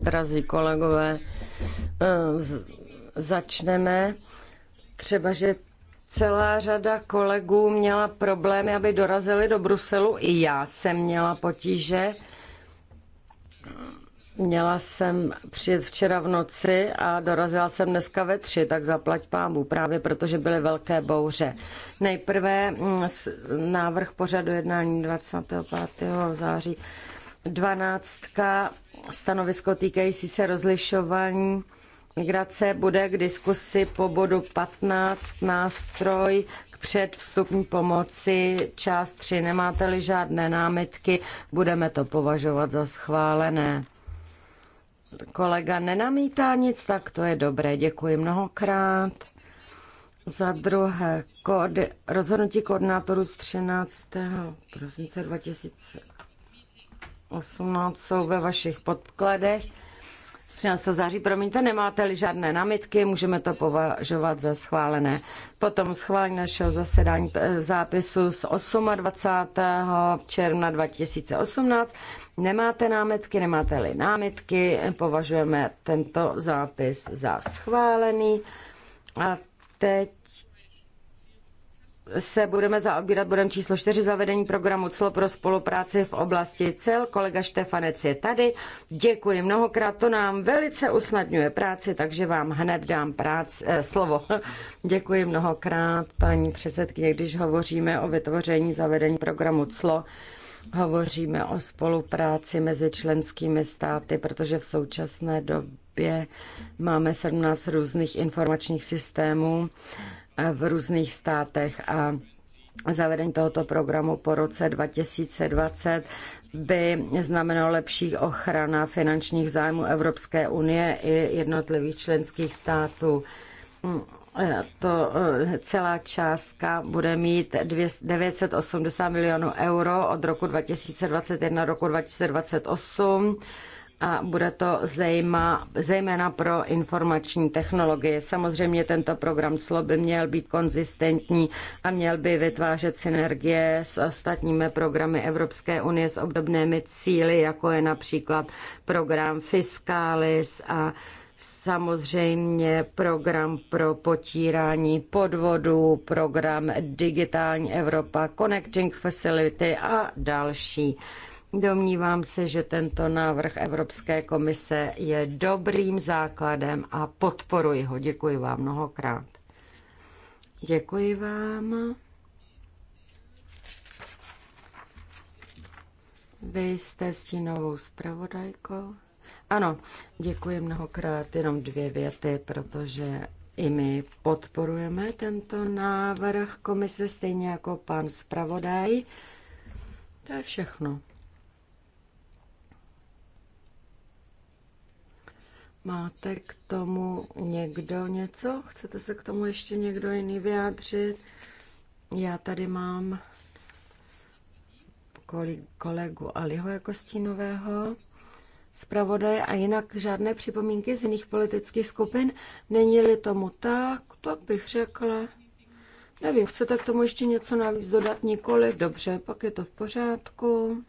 Drazí kolegové, eh, začneme. Třeba, že celá řada kolegů měla problémy, aby dorazili do Bruselu. I já jsem měla potíže. Měla jsem přijet včera v noci a dorazila jsem dneska ve tři, tak zaplať pámu, právě protože byly velké bouře. Nejprve mm, návrh pořadu jednání 25. září. Dvanáctka stanovisko týkající se rozlišování migrace bude k diskusi po bodu 15 nástroj k předvstupní pomoci. Část 3. Nemáte-li žádné námitky, budeme to považovat za schválené. Kolega nenamítá nic, tak to je dobré. Děkuji mnohokrát. Za druhé, rozhodnutí koordinátorů z 13. prosince 2000. 18 jsou ve vašich podkladech. 13. září, promiňte, nemáte-li žádné námitky, můžeme to považovat za schválené. Potom schválení našeho zasedání eh, zápisu z 28. června 2018. Nemáte námitky, nemáte-li námitky, považujeme tento zápis za schválený. A teď se budeme zaobírat bodem číslo 4 zavedení programu CLO pro spolupráci v oblasti CEL. Kolega Štefanec je tady. Děkuji mnohokrát, to nám velice usnadňuje práci, takže vám hned dám práci, eh, slovo. Děkuji mnohokrát, paní předsedkyně, když hovoříme o vytvoření zavedení programu CLO, hovoříme o spolupráci mezi členskými státy, protože v současné době Evropě máme 17 různých informačních systémů eh, v různých státech a Zavedení tohoto programu po roce 2020 by znamenalo lepší ochrana finančních zájmů Evropské unie i jednotlivých členských států. Eh, to eh, celá částka bude mít 980 milionů euro od roku 2021 do roku 2028 a bude to zejma, zejména pro informační technologie. Samozřejmě tento program CLO by měl být konzistentní a měl by vytvářet synergie s ostatními programy Evropské unie s obdobnými cíly, jako je například program Fiscalis a samozřejmě program pro potírání podvodů, program Digitální Evropa, Connecting Facility a další. Domnívám se, že tento návrh Evropské komise je dobrým základem a podporuji ho. Děkuji vám mnohokrát. Děkuji vám. Vy jste stínovou zpravodajkou? Ano, děkuji mnohokrát, jenom dvě věty, protože i my podporujeme tento návrh komise, stejně jako pan zpravodaj. To je všechno. Máte k tomu někdo něco? Chcete se k tomu ještě někdo jiný vyjádřit? Já tady mám kolegu Aliho jako stínového zpravodaje a jinak žádné připomínky z jiných politických skupin. Není-li tomu tak, tak bych řekla. Nevím, chcete k tomu ještě něco navíc dodat? Nikoliv, dobře, pak je to v pořádku.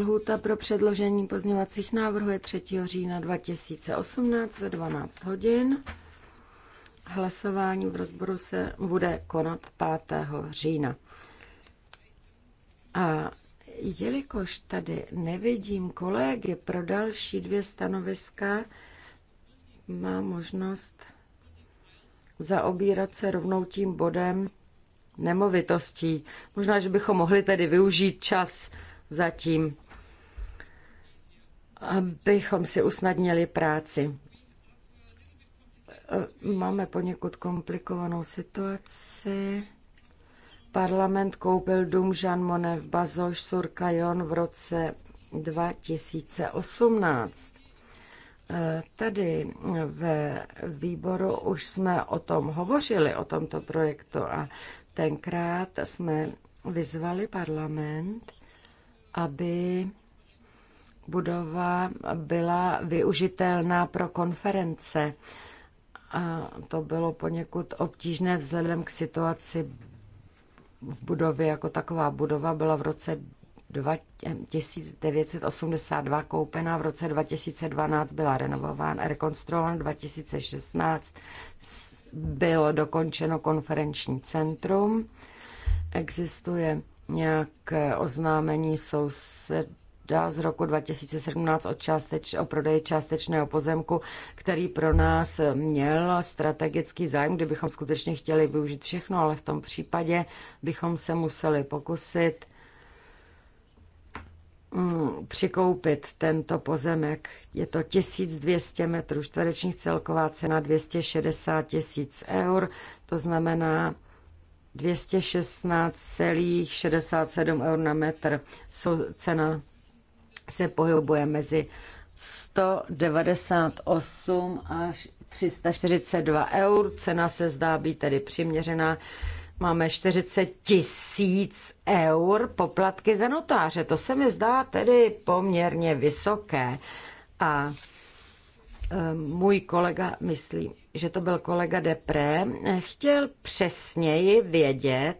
Lhůta pro předložení pozměňovacích návrhů je 3. října 2018 ve 12 hodin. Hlasování v rozboru se bude konat 5. října. A jelikož tady nevidím kolegy pro další dvě stanoviska, má možnost zaobírat se rovnou tím bodem nemovitostí. Možná, že bychom mohli tedy využít čas zatím, abychom si usnadnili práci. Máme poněkud komplikovanou situaci. Parlament koupil dům Jean Monnet v Bazoš sur v roce 2018. Tady ve výboru už jsme o tom hovořili, o tomto projektu a tenkrát jsme vyzvali parlament, aby budova byla využitelná pro konference. A to bylo poněkud obtížné vzhledem k situaci v budově jako taková budova byla v roce 1982 koupena, v roce 2012 byla renovována, rekonstruována, 2016 bylo dokončeno konferenční centrum. Existuje nějaké oznámení souseda z roku 2017 o, částeč, o prodeji částečného pozemku, který pro nás měl strategický zájem, kdybychom skutečně chtěli využít všechno, ale v tom případě bychom se museli pokusit mm, přikoupit tento pozemek. Je to 1200 metrů čtverečních, celková cena 260 tisíc eur, to znamená 216,67 eur na metr. Cena se pohybuje mezi 198 až 342 eur. Cena se zdá být tedy přiměřená. Máme 40 tisíc eur poplatky za notáře. To se mi zdá tedy poměrně vysoké. A e, můj kolega, myslím, že to byl kolega Depré, chtěl přesněji vědět,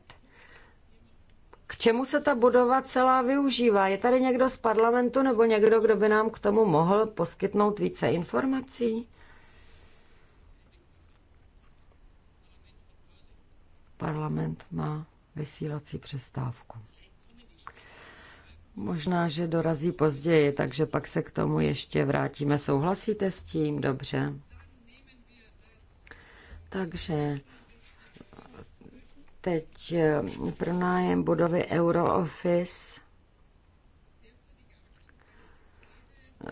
k čemu se ta budova celá využívá. Je tady někdo z parlamentu nebo někdo, kdo by nám k tomu mohl poskytnout více informací? Parlament má vysílací přestávku. Možná, že dorazí později, takže pak se k tomu ještě vrátíme. Souhlasíte s tím? Dobře. Takže teď eh, pronájem budovy Eurooffice.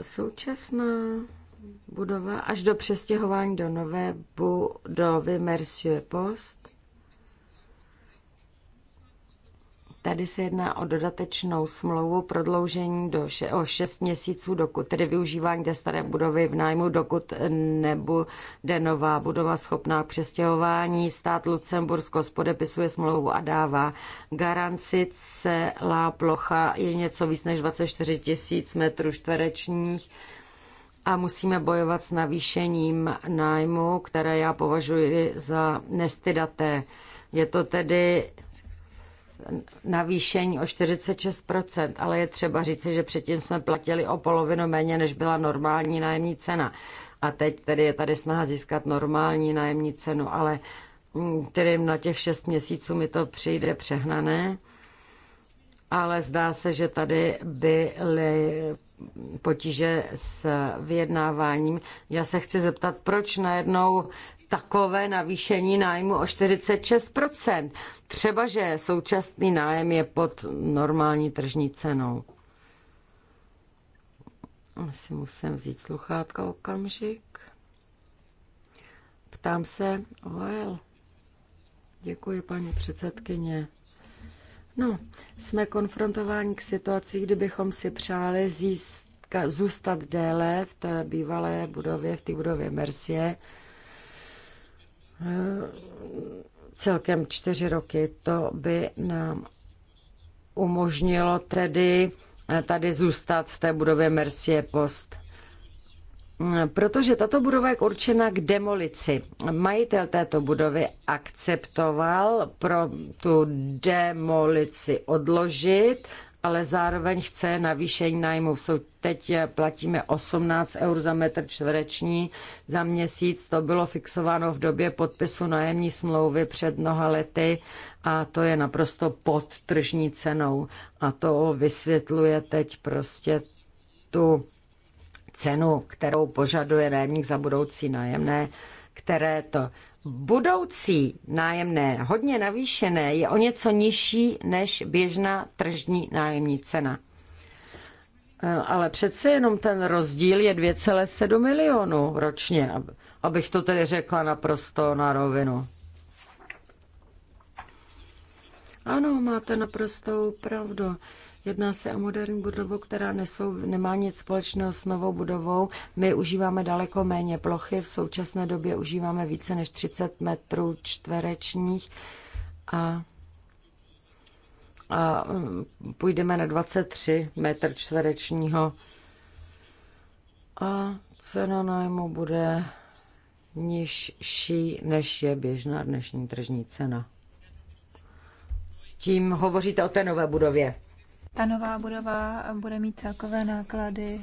Současná budova až do přestěhování do nové budovy Mercier Post Tady se jedná o dodatečnou smlouvu prodloužení do še- o 6 měsíců, dokud tedy využívání té staré budovy v nájmu, dokud nebude nová budova schopná přestěhování. Stát Lucembursko spodepisuje smlouvu a dává garanci. Celá plocha je něco víc než 24 tisíc metrů čtverečních a musíme bojovat s navýšením nájmu, které já považuji za nestydaté. Je to tedy navýšení o 46 ale je třeba říci, že předtím jsme platili o polovinu méně, než byla normální nájemní cena. A teď tedy je tady snaha získat normální nájemní cenu, ale mm, tedy na těch 6 měsíců mi to přijde přehnané. Ale zdá se, že tady byly potíže s vyjednáváním. Já se chci zeptat, proč najednou takové navýšení nájmu o 46%. Třeba, že současný nájem je pod normální tržní cenou. Asi musím vzít sluchátka okamžik. Ptám se, OL. Děkuji, paní předsedkyně. No, jsme konfrontováni k situaci, kdybychom si přáli získat, zůstat déle v té bývalé budově, v té budově Mercie, celkem čtyři roky. To by nám umožnilo tedy eh, tady zůstat v té budově Mercier Post. Eh, protože tato budova je určena k demolici. Majitel této budovy akceptoval pro tu demolici odložit ale zároveň chce navýšení nájmu. Teď platíme 18 eur za metr čtvereční za měsíc. To bylo fixováno v době podpisu nájemní smlouvy před mnoha lety a to je naprosto pod tržní cenou. A to vysvětluje teď prostě tu cenu, kterou požaduje nájemník za budoucí nájemné, které to budoucí nájemné hodně navýšené je o něco nižší než běžná tržní nájemní cena. Eh, ale přece jenom ten rozdíl je 2,7 milionů ročně, abych to tedy řekla naprosto na rovinu. Ano, máte naprostou pravdu. Jedná se o moderní budovu, která nesou, nemá nic společného s novou budovou. My užíváme daleko méně plochy, v současné době užíváme více než 30 metrů čtverečních a, a půjdeme na 23 metr čtverečního. A cena nájmu bude nižší, než je běžná dnešní tržní cena. Tím hovoříte o té nové budově. Ta nová budova bude mít celkové náklady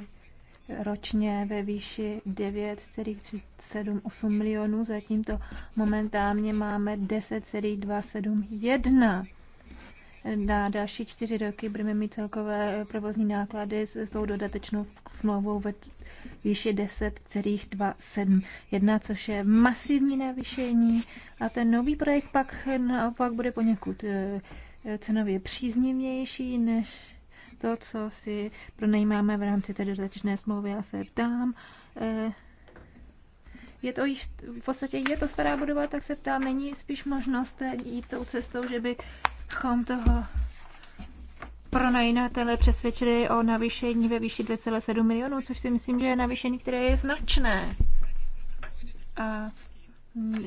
ročně ve výši 9,378 milionů, to momentálně máme 10,271. Na další čtyři roky budeme mít celkové provozní náklady s, s tou dodatečnou smlouvou ve výši 10,271, což je masivní navýšení a ten nový projekt pak naopak bude poněkud eh, Eh, cenově příznivější než to, co si pronajímáme v rámci té dodatečné smlouvy. Já se ptám, eh, je to již, v podstatě je to stará budova, tak se ptám, není spíš možnost eh, jít tou cestou, že bychom toho pronajímatele přesvědčili o navýšení ve výši 2,7 milionů, což si myslím, že je navýšení, které je značné. A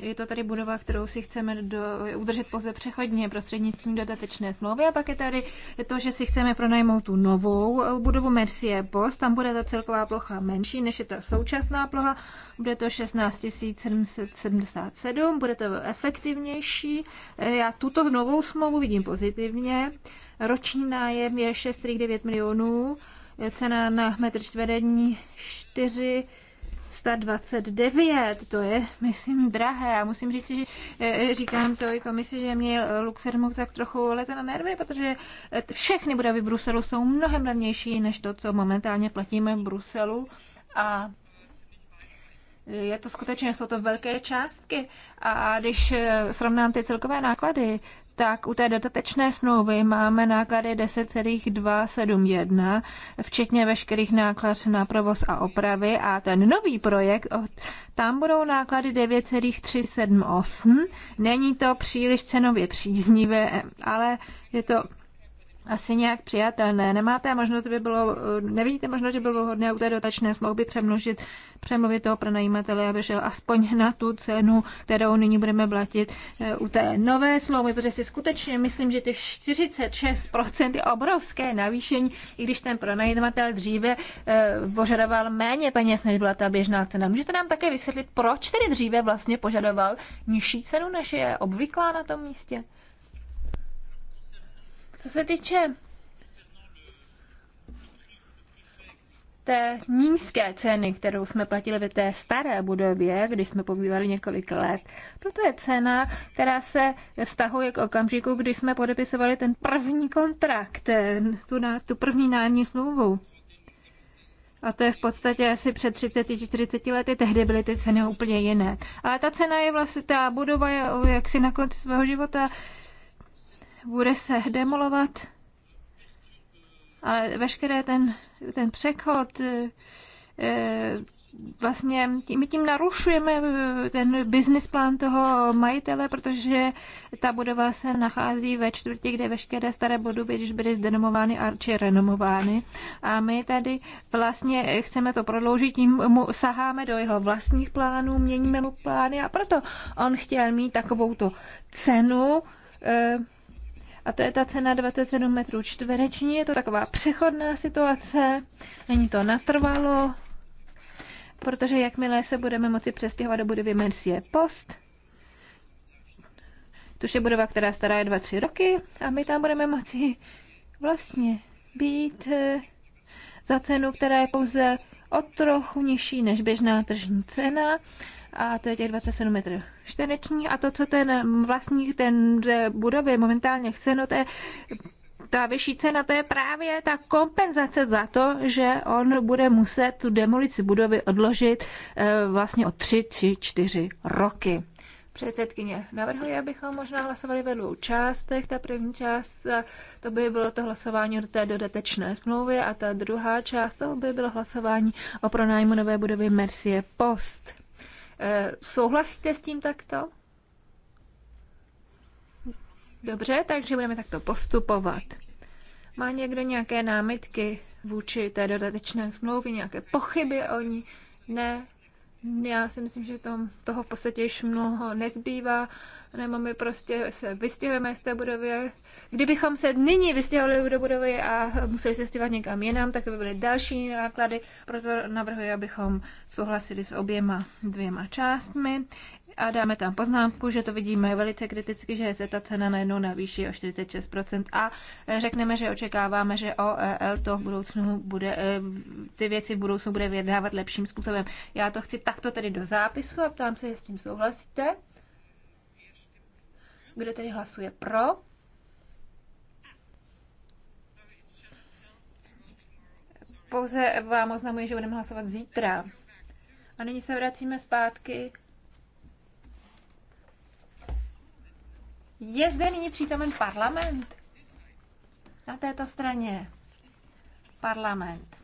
je to tady budova, kterou si chceme do, udržet pouze přechodně prostřednictvím dodatečné smlouvy. A pak je tady to, že si chceme pronajmout tu novou eh, budovu Mercier Post. Tam bude ta celková plocha menší, než je ta současná plocha. Bude to 16 777, bude to efektivnější. Eh, já tuto novou smlouvu vidím pozitivně. Roční nájem je 6,9 milionů. Eh, cena na metr čtvereční 4 329, to je, myslím, drahé. A musím říct, že e, e, říkám to i komisi, že mě Luxemburg tak trochu leze na nervy, protože e, všechny budovy Bruselu jsou mnohem levnější než to, co momentálně platíme v Bruselu. A je to skutečně, jsou to velké částky. A když srovnám ty celkové náklady, tak u té dodatečné smlouvy máme náklady 10,271, včetně veškerých nákladů na provoz a opravy a ten nový projekt, tam budou náklady 9,378. Není to příliš cenově příznivé, ale je to asi nějak přijatelné. Nemáte možnost, by bylo, nevidíte možnost, že by bylo hodné u té dotačné smlouvy přemnožit, přemluvit toho pronajímatele, aby šel aspoň na tu cenu, kterou nyní budeme platit eh, u té nové smlouvy, protože si skutečně myslím, že těch 46% je obrovské navýšení, i když ten pronajímatel dříve eh, požadoval méně peněz, než byla ta běžná cena. Můžete nám také vysvětlit, proč tedy dříve vlastně požadoval nižší cenu, než je obvyklá na tom místě? Co se týče té nízké ceny, kterou jsme platili ve té staré budově, když jsme pobývali několik let. Toto je cena, která se vztahuje k okamžiku, kdy jsme podepisovali ten první kontrakt, tu, na, tu první nájemní smlouvu. A to je v podstatě asi před 30-40 lety, tehdy byly ty ceny úplně jiné. Ale ta cena je vlastně, ta budova je jaksi na konci svého života bude se demolovat, ale veškeré ten, ten přechod eh, eh, vlastně tím, my tím narušujeme eh, ten business plán toho majitele, protože ta budova se nachází ve čtvrti, kde veškeré staré budovy, když byly zdenomovány a či renomovány. A my tady vlastně chceme to prodloužit, tím mu saháme do jeho vlastních plánů, měníme mu plány a proto on chtěl mít takovou tu cenu, eh, a to je ta cena 27 metrů čtvereční. Je to taková přechodná situace, není to natrvalo, protože jakmile se budeme moci přestěhovat do budovy Mercier Post, tuž je budova, která stará je 2-3 roky a my tam budeme moci vlastně být eh, za cenu, která je pouze o trochu nižší než běžná tržní cena a to je těch 27 metrů čtvereční a to, co ten vlastník ten budovy momentálně chce, no to je ta vyšší cena, to je právě ta kompenzace za to, že on bude muset tu demolici budovy odložit eh, vlastně o 3 či 4 roky. Předsedkyně, navrhuji, abychom možná hlasovali ve dvou částech. Ta první část, eh, to by bylo to hlasování do té dodatečné smlouvy a ta druhá část, to by bylo hlasování o pronájmu nové budovy Mercie Post. Eh, souhlasíte s tím takto? Dobře, takže budeme takto postupovat. Má někdo nějaké námitky vůči té dodatečné smlouvy, nějaké pochyby o ní? Ne, já si myslím, že tam toho v podstatě již mnoho nezbývá, nebo my prostě se vystěhujeme z té budovy. Kdybychom se nyní vystěhovali do budovy a museli se stěhovat někam jinam, tak to by byly další náklady, proto navrhuji, abychom souhlasili s oběma dvěma částmi a dáme tam poznámku, že to vidíme velice kriticky, že se ta cena najednou navýší o 46% a e, řekneme, že očekáváme, že OEL to v budoucnu bude, e, ty věci v budoucnu bude vyjednávat lepším způsobem. Já to chci takto tedy do zápisu a ptám se, jestli s tím souhlasíte. Kdo tedy hlasuje pro? Pouze vám oznamuji, že budeme hlasovat zítra. A nyní se vracíme zpátky Je zde nyní přítomen parlament? Na této straně parlament.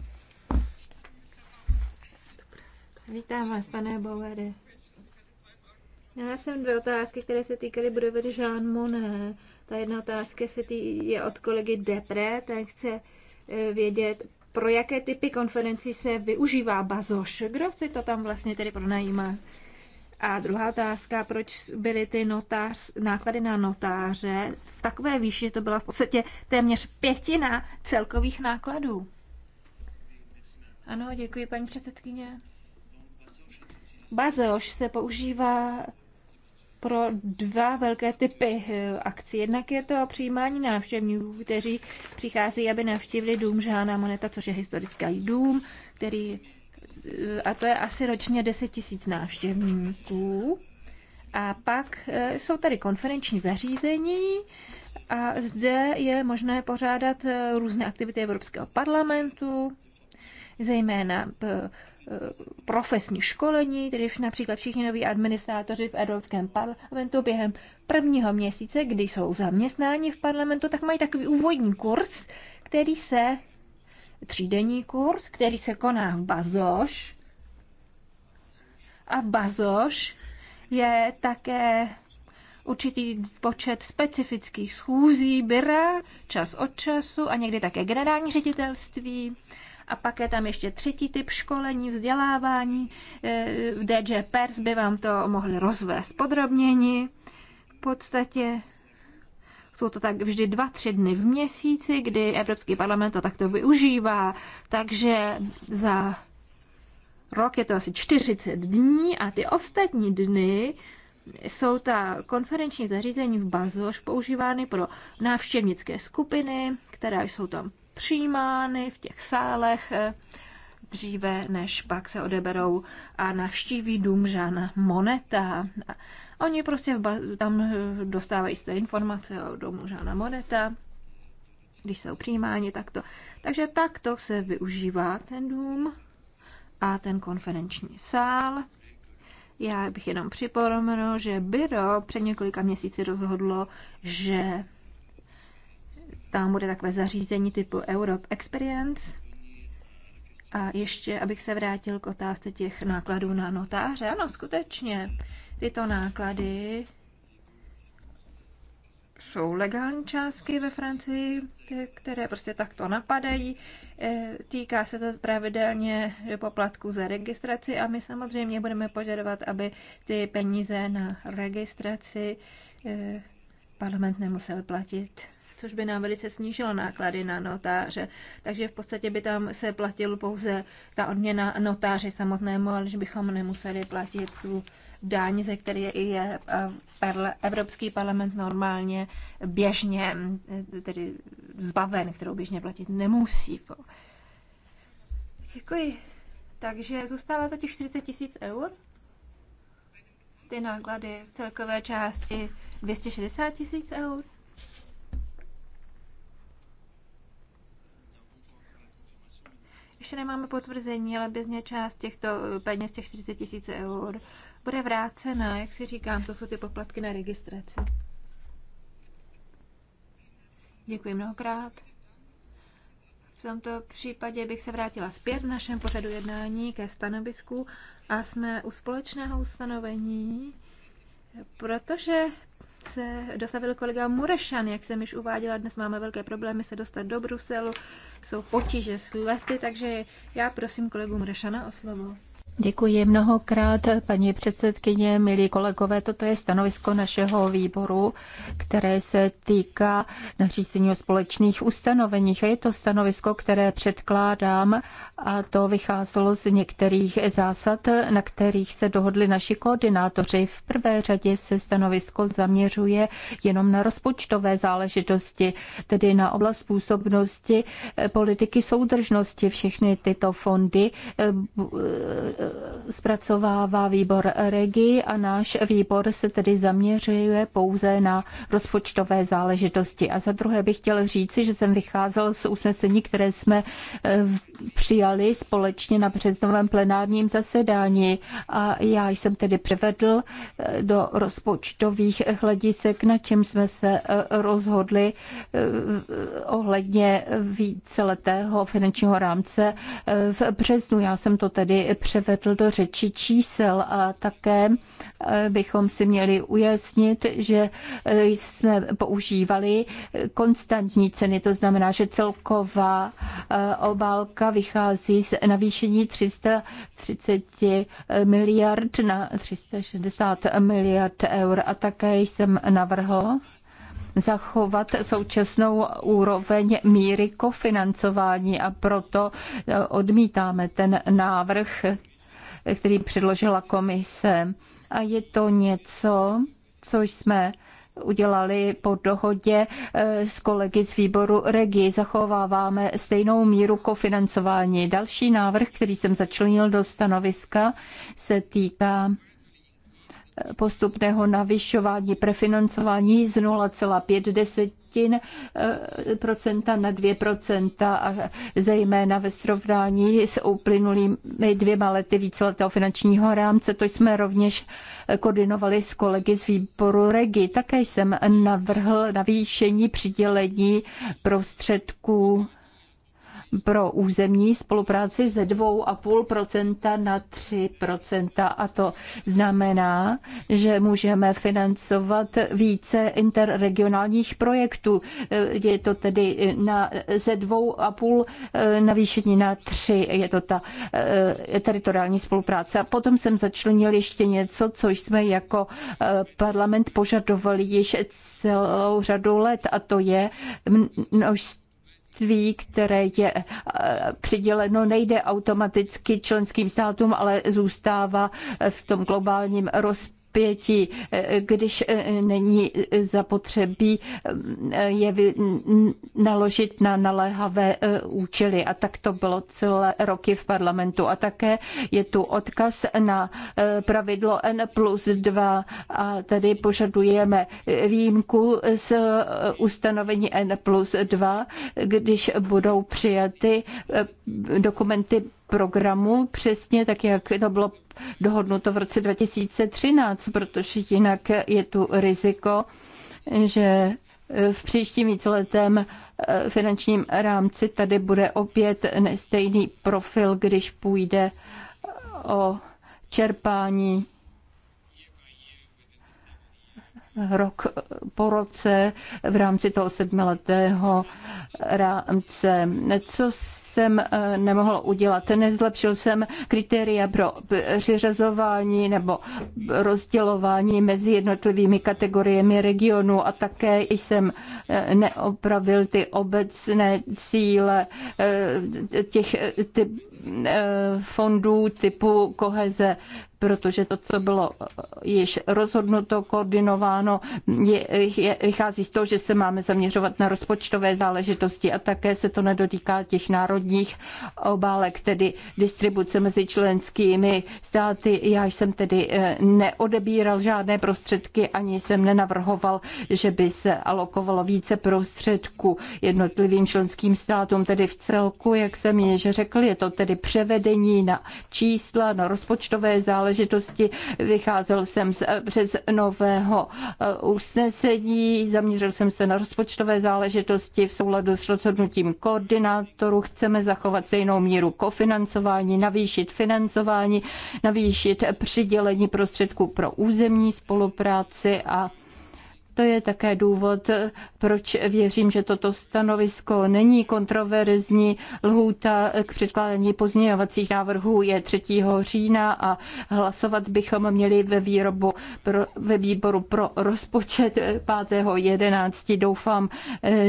Vítám vás, pane Bauere. Já jsem dvě otázky, které se týkaly budovy Jean Monnet. Ta jedna otázka se tý, je od kolegy Depre, ten chce eh, vědět, pro jaké typy konferencí se využívá bazoš. Kdo si to tam vlastně tedy pronajímá? A druhá otázka, proč byly ty notář, náklady na notáře v takové výši, že to byla v podstatě téměř pětina celkových nákladů? Ano, děkuji, paní předsedkyně. Bazoš se používá pro dva velké typy eh, akcí. Jednak je to přijímání návštěvníků, kteří přichází, aby navštívili dům Žána Moneta, což je historický dům, který a to je asi ročně 10 tisíc návštěvníků. A pak e, jsou tady konferenční zařízení a zde je možné pořádat e, různé aktivity Evropského parlamentu, zejména e, profesní školení, tedy například všichni noví administrátoři v Evropském parlamentu během prvního měsíce, kdy jsou zaměstnáni v parlamentu, tak mají takový úvodní kurz, který se třídenní kurz, který se koná v Bazoš. A Bazoš je také určitý počet specifických schůzí, byra, čas od času a někdy také generální ředitelství. A pak je tam ještě třetí typ školení, vzdělávání. Eh, v DJ Pers by vám to mohli rozvést podrobněji. V podstatě jsou to tak vždy dva, tři dny v měsíci, kdy Evropský parlament to takto využívá. Takže za rok je to asi 40 dní a ty ostatní dny jsou ta konferenční zařízení v Bazoš používány pro návštěvnické skupiny, které jsou tam přijímány v těch sálech eh, dříve, než pak se odeberou a navštíví dům Žána Moneta. Oni prostě tam eh, dostávají své informace o domu Žána Moneta, když jsou přijímáni takto. Takže takto se využívá ten dům a ten konferenční sál. Já bych jenom připomenul, že Byro před několika měsíci rozhodlo, že tam bude takové zařízení typu Europe Experience. A ještě, abych se vrátil k otázce těch nákladů na notáře. Ano, skutečně. Tyto náklady jsou legální částky ve Francii, které prostě takto napadají. E, týká se to pravidelně poplatku za registraci a my samozřejmě budeme požadovat, aby ty peníze na registraci e, parlament nemusel platit což by nám velice snížilo náklady na notáře. Takže v podstatě by tam se platil pouze ta odměna notáři samotnému, ale bychom nemuseli platit tu daň, ze které je eh, Evropský parlament normálně běžně eh, tedy zbaven, kterou běžně platit nemusí. Děkuji. Takže zůstává to těch 40 tisíc eur? Ty náklady v celkové části 260 tisíc eur? Ještě nemáme potvrzení, ale běžně část těchto peněz, těch 40 tisíc eur, bude vrácena, jak si říkám, to jsou ty poplatky na registraci. Děkuji mnohokrát. V tomto případě bych se vrátila zpět v našem pořadu jednání ke stanovisku a jsme u společného ustanovení, protože se dostavil kolega Murešan, jak jsem již uváděla, dnes máme velké problémy se dostat do Bruselu, jsou potíže s lety, takže já prosím kolegu Murešana o slovo. Děkuji mnohokrát, paní předsedkyně, milí kolegové. Toto je stanovisko našeho výboru, které se týká nařízení o společných ustanoveních. A je to stanovisko, které předkládám a to vycházelo z některých zásad, na kterých se dohodli naši koordinátoři. V prvé řadě se stanovisko zaměřuje jenom na rozpočtové záležitosti, tedy na oblast působnosti eh, politiky soudržnosti. Všechny tyto fondy eh, eh, zpracovává výbor Regi a náš výbor se tedy zaměřuje pouze na rozpočtové záležitosti. A za druhé bych chtěl říci, že jsem vycházel z usnesení, které jsme eh, přijali společně na březnovém plenárním zasedání a já jsem tedy převedl eh, do rozpočtových hledisek, na čem jsme se eh, rozhodli ohledně víceletého finančního rámce v březnu. Já jsem to tedy převedl uvedl do řeči čísel a také eh, bychom si měli ujasnit, že eh, jsme používali eh, konstantní ceny. To znamená, že celková obálka vychází z navýšení 330 miliard na 360 miliard eur. A také jsem navrhl, zachovat současnou úroveň míry kofinancování a proto odmítáme ten návrh který předložila komise. A je to něco, co jsme udělali po dohodě eh, s kolegy z výboru Regi. Zachováváme stejnou míru kofinancování. Další návrh, který jsem začlenil do stanoviska, se týká eh, postupného navyšování prefinancování z 0,5 desetin eh, procenta na dvě procenta a zejména ve srovnání s uplynulými dvěma lety víceletého finančního rámce. To jsme rovněž koordinovali s kolegy z výboru Regi. Také jsem navrhl navýšení přidělení prostředků pro územní spolupráci ze 2,5% na 3%. A to znamená, že můžeme financovat více interregionálních projektů. Je to tedy na, ze 2,5 eh, navýšení na 3. Je to ta eh, teritoriální spolupráce. A potom jsem začlenil ještě něco, co jsme jako eh, parlament požadovali již celou řadu let, a to je množství členství, které je eh, přiděleno, nejde automaticky členským státům, ale zůstává eh, v tom globálním rozpočtu pěti, eh, když eh, není zapotřebí eh, je naložit na naléhavé účely. A tak to bylo celé roky v parlamentu. A také je tu odkaz na pravidlo N plus 2 a tady požadujeme výjimku z ustanovení N plus 2, když budou přijaty dokumenty programu přesně tak, jak to bylo dohodnuto v roce 2013, protože jinak je tu riziko, že v příštím víceletém eh, finančním rámci tady bude opět nestejný profil, když půjde o čerpání rok po roce v rámci toho sedmiletého rámce. Co jsem eh, nemohl udělat. Nezlepšil jsem kritéria pro přiřazování nebo rozdělování mezi jednotlivými kategoriemi regionu a také jsem eh, neopravil ty obecné cíle eh, těch ty Eh, fondů typu koheze, protože to, co bylo eh, již rozhodnuto, koordinováno, je, je, vychází z toho, že se máme zaměřovat na rozpočtové záležitosti a také se to nedotýká těch národních obálek, tedy distribuce mezi členskými státy. Já jsem tedy eh, neodebíral žádné prostředky, ani jsem nenavrhoval, že by se alokovalo více prostředků jednotlivým členským státům, tedy v celku, jak jsem již řekl, je to tedy tedy převedení na čísla, na rozpočtové záležitosti. Vycházel jsem z, přes nového eh, usnesení, zaměřil jsem se na rozpočtové záležitosti v souladu s rozhodnutím koordinátoru. Chceme zachovat stejnou míru kofinancování, navýšit financování, navýšit přidělení prostředků pro územní spolupráci a to je také důvod, proč věřím, že toto stanovisko není kontroverzní. Lhůta k předkládání pozměňovacích návrhů je 3. října a hlasovat bychom měli ve, výrobu pro, ve výboru pro rozpočet 5. 11. Doufám,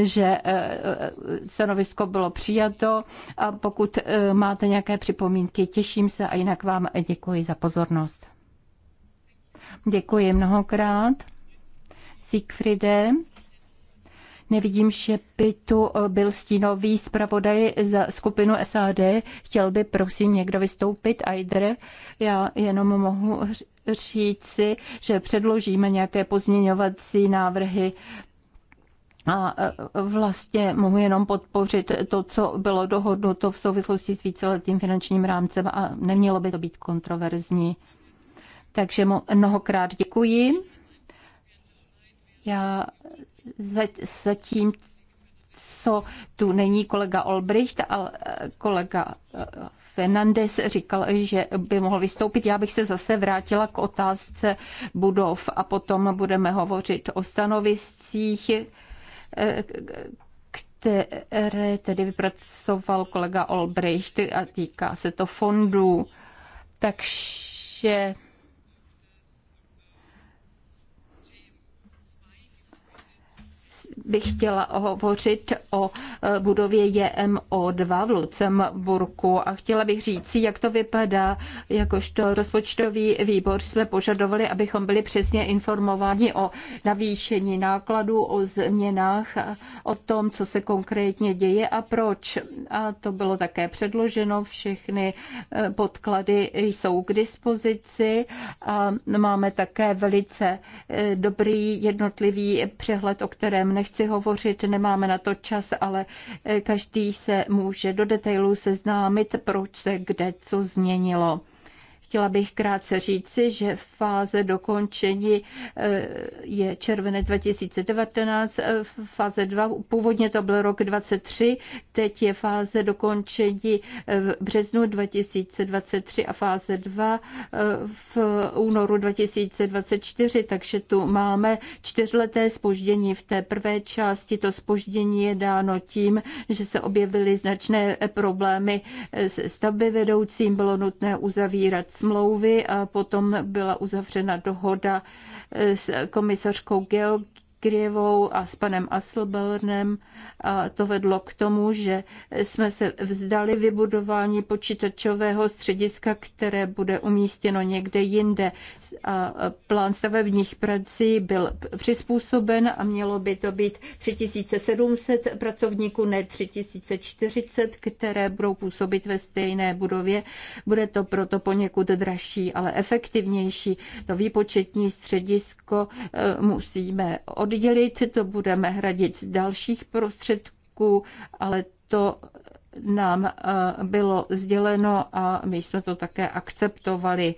že eh, stanovisko bylo přijato a pokud eh, máte nějaké připomínky, těším se a jinak vám děkuji za pozornost. Děkuji mnohokrát. Siegfriede. Nevidím, že by tu byl stínový zpravodaj za skupinu SAD. Chtěl by prosím někdo vystoupit, Aider. Já jenom mohu říci, že předložíme nějaké pozměňovací návrhy a eh, vlastně mohu jenom podpořit to, co bylo dohodnuto v souvislosti s víceletým finančním rámcem a nemělo by to být kontroverzní. Takže mnohokrát děkuji. Já zatím co tu není kolega Olbricht, ale eh, kolega eh, Fernandez říkal, že by mohl vystoupit. Já bych se zase vrátila k otázce budov a potom budeme hovořit o stanoviscích, eh, které tedy vypracoval kolega Olbricht a týká se to fondů. Takže bych chtěla hovořit o e, budově JMO2 v Lucemburku a chtěla bych říci, jak to vypadá. Jakožto rozpočtový výbor jsme požadovali, abychom byli přesně informováni o navýšení nákladů, o změnách, o tom, co se konkrétně děje a proč. A to bylo také předloženo, všechny e, podklady jsou k dispozici a máme také velice e, dobrý jednotlivý přehled, o kterém nech nechci hovořit, nemáme na to čas, ale eh, každý se může do detailů seznámit, proč se kde co změnilo. Chtěla bych krátce říci, že fáze dokončení eh, je červené 2019, eh, fáze 2, původně to byl rok 23, teď je fáze dokončení eh, v březnu 2023 a fáze 2 v únoru 2024, takže tu máme čtyřleté spoždění v té prvé části. To spoždění je dáno tím, že se objevily značné problémy s stavby vedoucím, bylo nutné uzavírat smlouvy a potom byla uzavřena dohoda s komisařkou Georg Kirjevou a s panem Aslbornem a to vedlo k tomu, že jsme se vzdali vybudování počítačového střediska, které bude umístěno někde jinde. A plán stavebních prací byl přizpůsoben a mělo by to být 3700 pracovníků, ne 3040, které budou působit ve stejné budově. Bude to proto poněkud dražší, ale efektivnější. To výpočetní středisko e, musíme od oddělit, to budeme hradit z dalších prostředků, ale to nám eh, bylo sděleno a my jsme to také akceptovali.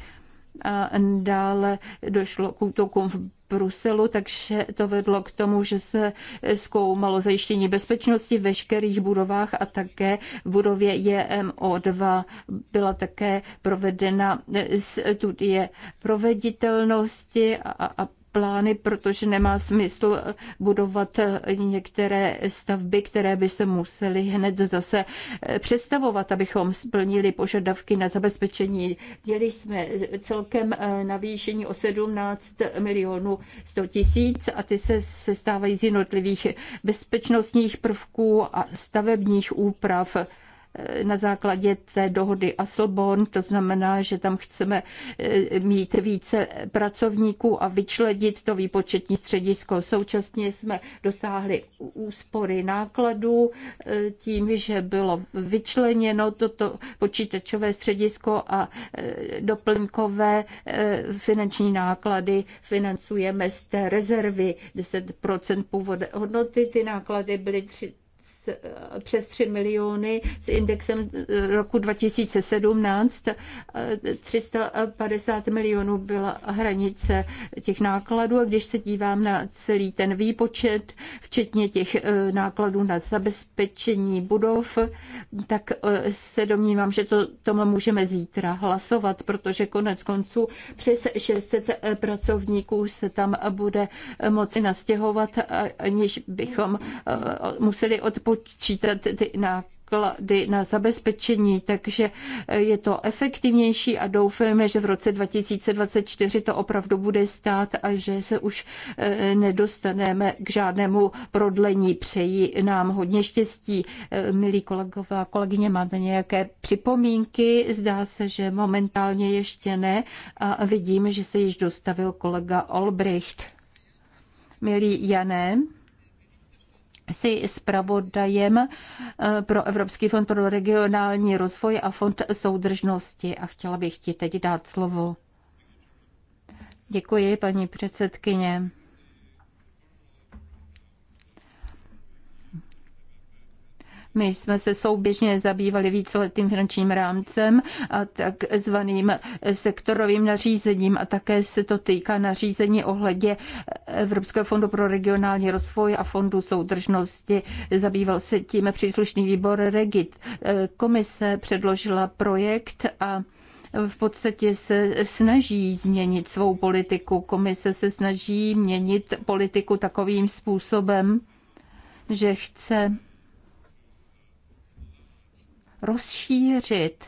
A dále došlo k útokům v Bruselu, takže to vedlo k tomu, že se zkoumalo zajištění bezpečnosti v veškerých budovách a také v budově JMO2 byla také provedena studie proveditelnosti a, a plány, protože nemá smysl budovat některé stavby, které by se musely hned zase přestavovat, abychom splnili požadavky na zabezpečení. Měli jsme celkem eh, navýšení o 17 milionů 100 tisíc a ty se sestávají z jednotlivých bezpečnostních prvků a stavebních úprav na základě té dohody Asselborn, to znamená, že tam chceme eh, mít více pracovníků a vyčledit to výpočetní středisko. Současně jsme dosáhli úspory nákladů eh, tím, že bylo vyčleněno toto počítačové středisko a eh, doplňkové finanční náklady financujeme z té rezervy 10% původ hodnoty. Ty náklady byly 3 přes 3 miliony s indexem roku 2017. 350 milionů byla hranice těch nákladů a když se dívám na celý ten výpočet, včetně těch eh, nákladů na zabezpečení budov, tak eh, se domnívám, že to tomu můžeme zítra hlasovat, protože konec konců přes 600 eh, pracovníků se tam bude moci nastěhovat, aniž bychom museli odpočítat počítat ty náklady na zabezpečení, takže je to efektivnější a doufáme, že v roce 2024 to opravdu bude stát a že se už eh, nedostaneme k žádnému prodlení. Přeji nám hodně štěstí. Eh, milí kolegové a kolegyně, máte nějaké připomínky? Zdá se, že momentálně ještě ne a vidím, že se již dostavil kolega Olbricht. Milí Janem si zpravodajem eh, pro Evropský fond pro regionální rozvoj a fond soudržnosti a chtěla bych ti teď dát slovo. Děkuji, paní předsedkyně. My jsme se souběžně zabývali víceletým finančním rámcem a takzvaným sektorovým nařízením a také se to týká nařízení ohledě Evropského fondu pro regionální rozvoj a fondu soudržnosti. Zabýval se tím příslušný výbor Regit. Komise předložila projekt a v podstatě se snaží změnit svou politiku. Komise se snaží měnit politiku takovým způsobem, že chce rozšířit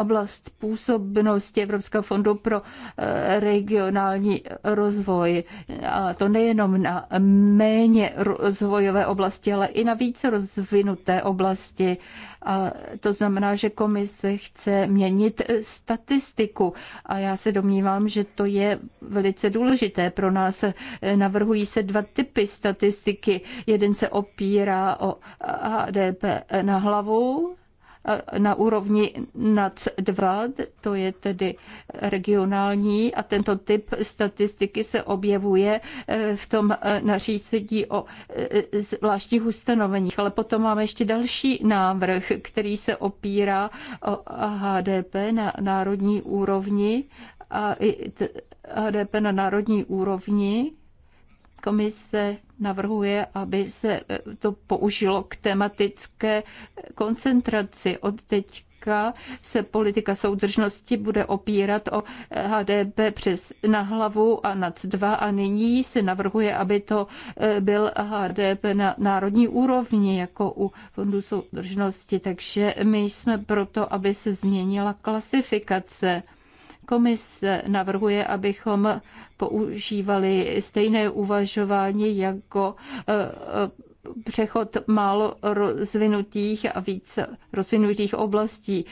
oblast působnosti Evropského fondu pro eh, regionální rozvoj. A to nejenom na méně rozvojové oblasti, ale i na více rozvinuté oblasti. A to znamená, že komise chce měnit eh, statistiku. A já se domnívám, že to je velice důležité pro nás. Eh, navrhují se dva typy statistiky. Jeden se opírá o HDP na hlavu, na úrovni NAC2, to je tedy regionální a tento typ statistiky se objevuje eh, v tom eh, nařícení o eh, zvláštních ustanoveních. Ale potom máme ještě další návrh, který se opírá o HDP na národní úrovni a HDP na národní úrovni Komise navrhuje, aby se eh, to použilo k tematické koncentraci. Od teďka se politika soudržnosti bude opírat o HDP eh, přes na hlavu a nad dva a nyní se navrhuje, aby to eh, byl HDP na národní úrovni, jako u Fondu soudržnosti. Takže my jsme proto, aby se změnila klasifikace Komise navrhuje, abychom používali stejné uvažování jako eh, eh, přechod málo rozvinutých a víc rozvinutých oblastí,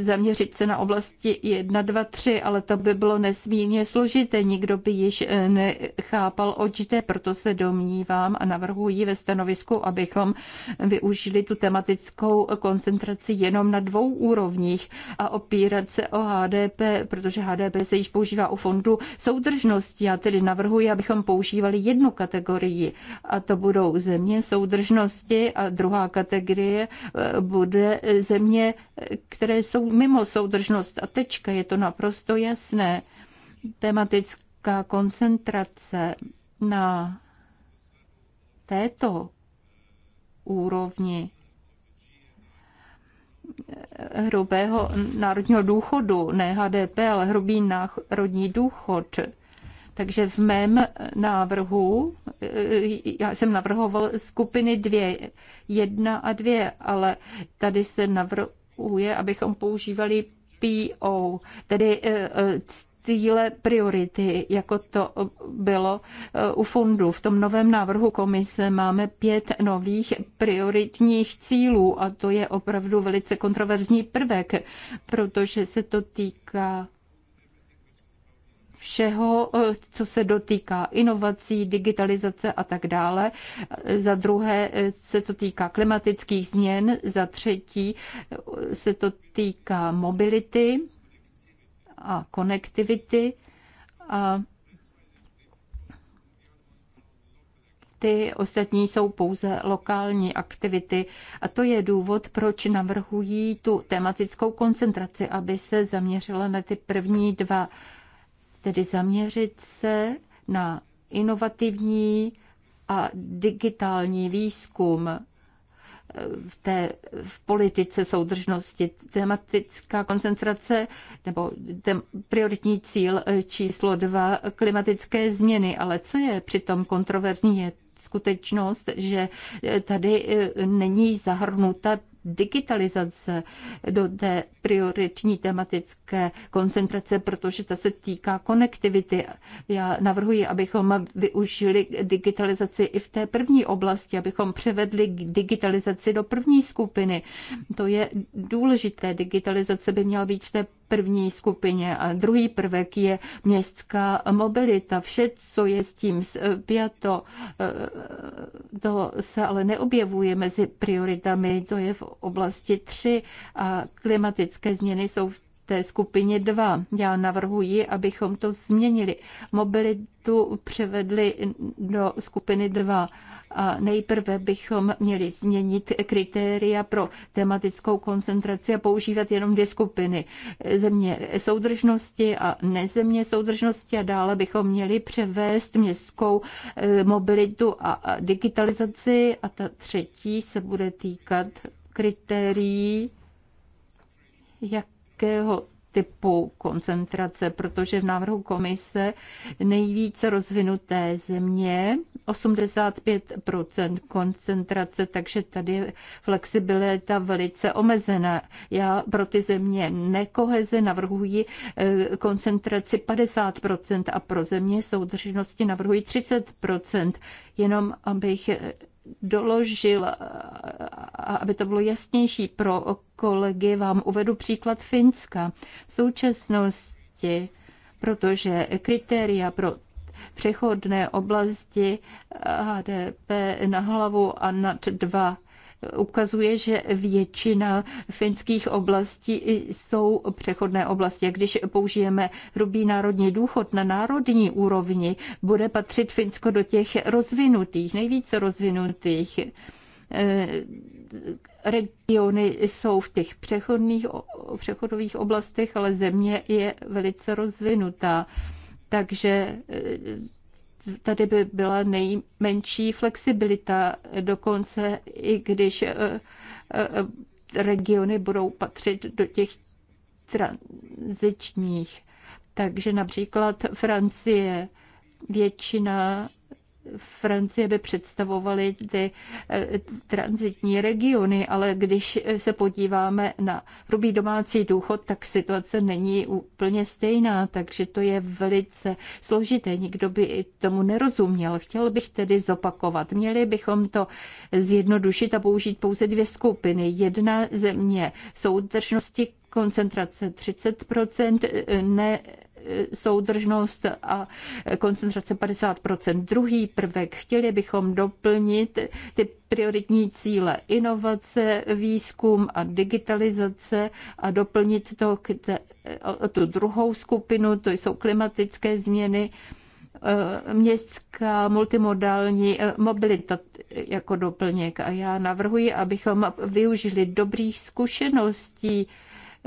zaměřit se na oblasti 1, 2, 3, ale to by bylo nesmírně složité, nikdo by již eh, nechápal, oč jde, proto se domnívám a navrhuji ve stanovisku, abychom využili tu tematickou koncentraci jenom na dvou úrovních a opírat se o HDP, protože HDP se již používá u fondu soudržnosti. Já tedy navrhuji, abychom používali jednu kategorii a to budou země, jsou soudržnosti a druhá kategorie eh, bude eh, země, které jsou mimo soudržnost a tečka, je to naprosto jasné. Tematická koncentrace na této úrovni eh, hrubého národního důchodu, ne HDP, ale hrubý národní důchod takže v mém návrhu, já jsem navrhoval skupiny dvě, jedna a dvě, ale tady se navrhuje, abychom používali PO, tedy eh, cíle priority, jako to bylo eh, u fondu. V tom novém návrhu komise máme pět nových prioritních cílů a to je opravdu velice kontroverzní prvek, protože se to týká všeho, eh, co se dotýká inovací, digitalizace a tak dále. Za druhé eh, se to týká klimatických změn, za třetí eh, se to týká mobility a konektivity a ty ostatní jsou pouze lokální aktivity. A to je důvod, proč navrhují tu tematickou koncentraci, aby se zaměřila na ty první dva tedy zaměřit se na inovativní a digitální výzkum v, té, v politice soudržnosti. Tematická koncentrace nebo tem, prioritní cíl eh, číslo dva klimatické změny. Ale co je přitom kontroverzní, je skutečnost, že eh, tady eh, není zahrnuta digitalizace do té prioritní tematické koncentrace, protože ta se týká konektivity. Já navrhuji, abychom využili digitalizaci i v té první oblasti, abychom převedli digitalizaci do první skupiny. To je důležité. Digitalizace by měla být v té první skupině a druhý prvek je městská mobilita. Vše, co je s tím zpěto, eh, to se ale neobjevuje mezi prioritami, to je v oblasti 3 a klimatické změny jsou v té skupině 2. Já navrhuji, abychom to změnili. Mobilitu převedli do skupiny 2. A nejprve bychom měli změnit kritéria pro tematickou koncentraci a používat jenom dvě skupiny. Země soudržnosti a nezemě soudržnosti a dále bychom měli převést městskou eh, mobilitu a digitalizaci a ta třetí se bude týkat kritérií, jakého typu koncentrace, protože v návrhu komise nejvíce rozvinuté země 85 koncentrace, takže tady flexibilita velice omezená. Já pro ty země nekoheze navrhuji eh, koncentraci 50 a pro země soudržnosti navrhuji 30 jenom abych doložil, aby to bylo jasnější pro kolegy, vám uvedu příklad Finska. V současnosti, protože kritéria pro přechodné oblasti HDP na hlavu a nad 2 ukazuje, že většina finských oblastí jsou přechodné oblasti. A když použijeme hrubý národní důchod na národní úrovni, bude patřit Finsko do těch rozvinutých, nejvíce rozvinutých eh, regiony jsou v těch přechodných, přechodových oblastech, ale země je velice rozvinutá. Takže eh, tady by byla nejmenší flexibilita, dokonce i když eh, eh, regiony budou patřit do těch tranzičních. Takže například Francie, většina Francie by představovaly ty eh, transitní regiony, ale když se podíváme na hrubý domácí důchod, tak situace není úplně stejná, takže to je velice složité. Nikdo by tomu nerozuměl. Chtěl bych tedy zopakovat. Měli bychom to zjednodušit a použít pouze dvě skupiny. Jedna země soudržnosti koncentrace 30%, eh, ne soudržnost a koncentrace 50%. Druhý prvek, chtěli bychom doplnit ty prioritní cíle inovace, výzkum a digitalizace a doplnit to k te, o, o tu druhou skupinu, to jsou klimatické změny, e, městská multimodální e, mobilita jako doplněk. A já navrhuji, abychom využili dobrých zkušeností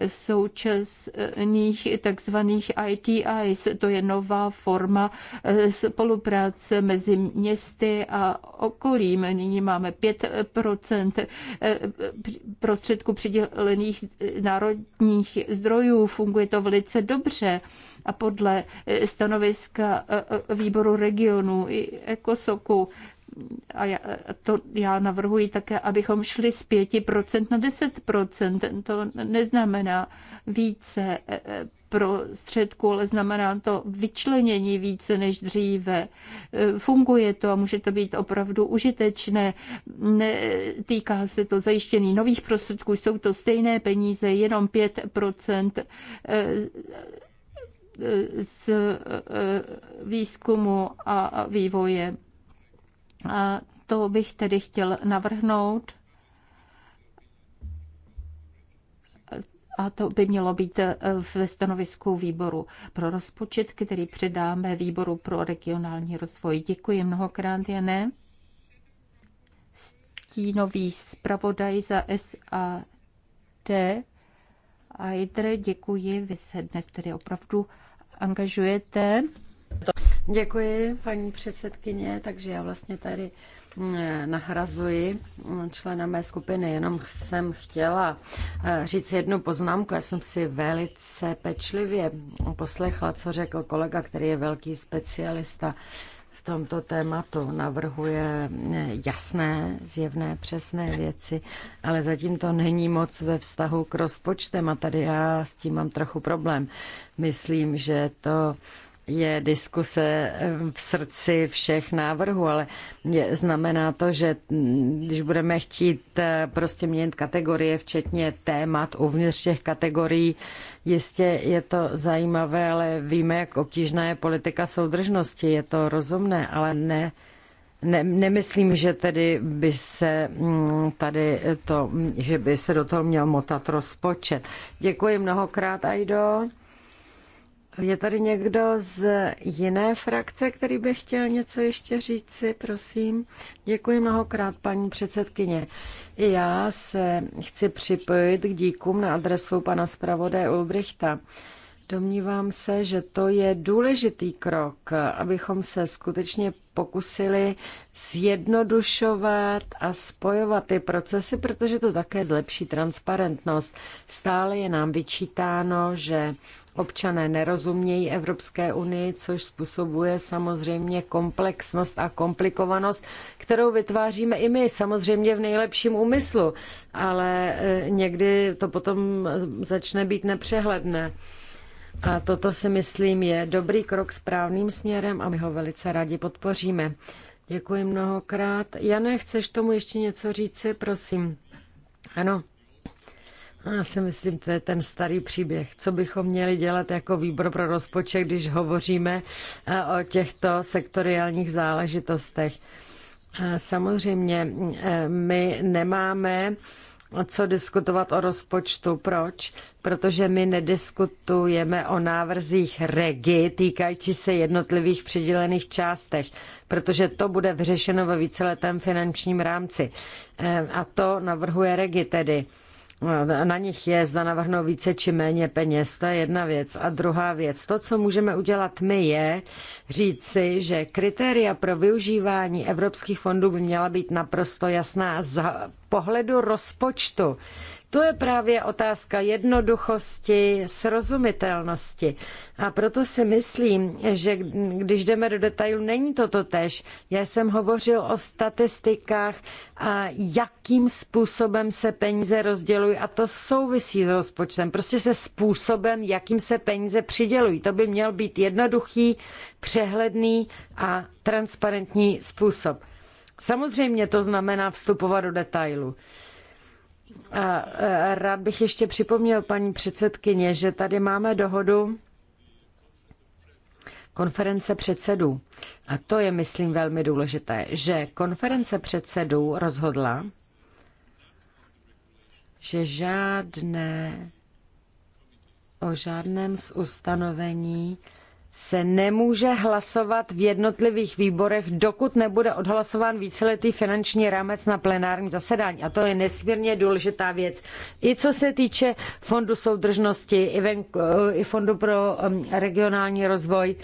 současných takzvaných ITIs. To je nová forma eh, spolupráce mezi městy a okolím. Nyní máme 5 eh, prostředků přidělených národních zdrojů. Funguje to velice dobře a podle eh, stanoviska výboru regionu i ECOSOKu a já, to já navrhuji také, abychom šli z 5% na 10%. To neznamená více eh, eh, prostředků, ale znamená to vyčlenění více než dříve. Eh, funguje to a může to být opravdu užitečné. Ne, týká se to zajištění nových prostředků, jsou to stejné peníze, jenom 5% z výzkumu a vývoje. A to bych tedy chtěl navrhnout. A to by mělo být eh, ve stanovisku výboru pro rozpočet, který předáme výboru pro regionální rozvoj. Děkuji mnohokrát, Jané. Stínový zpravodaj za SAD. Ajdre, děkuji, vy se dnes tedy opravdu angažujete. Děkuji, paní předsedkyně. Takže já vlastně tady mm, nahrazuji mm, člena mé skupiny. Jenom jsem chtěla eh, říct jednu poznámku. Já jsem si velice pečlivě poslechla, co řekl kolega, který je velký specialista v tomto tématu. Navrhuje eh, jasné, zjevné, přesné věci, ale zatím to není moc ve vztahu k rozpočtem a tady já s tím mám trochu problém. Myslím, že to je diskuse eh, v srdci všech návrhů, ale je, znamená to, že mm, když budeme chtít eh, prostě měnit kategorie, včetně témat uvnitř těch kategorií, jistě je to zajímavé, ale víme, jak obtížná je politika soudržnosti. Je to rozumné, ale ne ne, nemyslím, že tedy by se mm, tady to, že by se do toho měl motat rozpočet. Děkuji mnohokrát, Aido. Je tady někdo z jiné frakce, který by chtěl něco ještě říci, prosím? Děkuji mnohokrát, paní předsedkyně. I já se chci připojit k díkům na adresu pana zpravodé Ulbrichta. Domnívám se, že to je důležitý krok, abychom se skutečně pokusili zjednodušovat a spojovat ty procesy, protože to také zlepší transparentnost. Stále je nám vyčítáno, že Občané nerozumějí Evropské unii, což způsobuje samozřejmě komplexnost a komplikovanost, kterou vytváříme i my, samozřejmě v nejlepším úmyslu, ale e, někdy to potom začne být nepřehledné. A toto si myslím je dobrý krok správným směrem a my ho velice rádi podpoříme. Děkuji mnohokrát. Jane, chceš tomu ještě něco říci, prosím? Ano. Já si myslím, to je ten starý příběh. Co bychom měli dělat jako výbor pro rozpočet, když hovoříme e, o těchto sektoriálních záležitostech? Samozřejmě e, my nemáme co diskutovat o rozpočtu. Proč? Protože my nediskutujeme o návrzích regi týkající se jednotlivých přidělených částech, protože to bude vyřešeno ve víceletém finančním rámci. E, a to navrhuje regi tedy na nich je, zda navrhnou více či méně peněz, to je jedna věc. A druhá věc, to, co můžeme udělat my, je říci, že kritéria pro využívání evropských fondů by měla být naprosto jasná z pohledu rozpočtu. To je právě otázka jednoduchosti, srozumitelnosti. A proto si myslím, že když jdeme do detailu, není to to tež. Já jsem hovořil o statistikách a jakým způsobem se peníze rozdělují a to souvisí s rozpočtem. Prostě se způsobem, jakým se peníze přidělují. To by měl být jednoduchý, přehledný a transparentní způsob. Samozřejmě to znamená vstupovat do detailu. E, rád bych ještě připomněl paní předsedkyně, že tady máme dohodu konference předsedů. A to je, myslím, velmi důležité, že konference předsedů rozhodla, že žádné o žádném z ustanovení se nemůže hlasovat v jednotlivých výborech, dokud nebude odhlasován víceletý finanční rámec na plenárním zasedání. A to je nesmírně důležitá věc. I co se týče Fondu soudržnosti, i, i Fondu pro um, regionální rozvoj,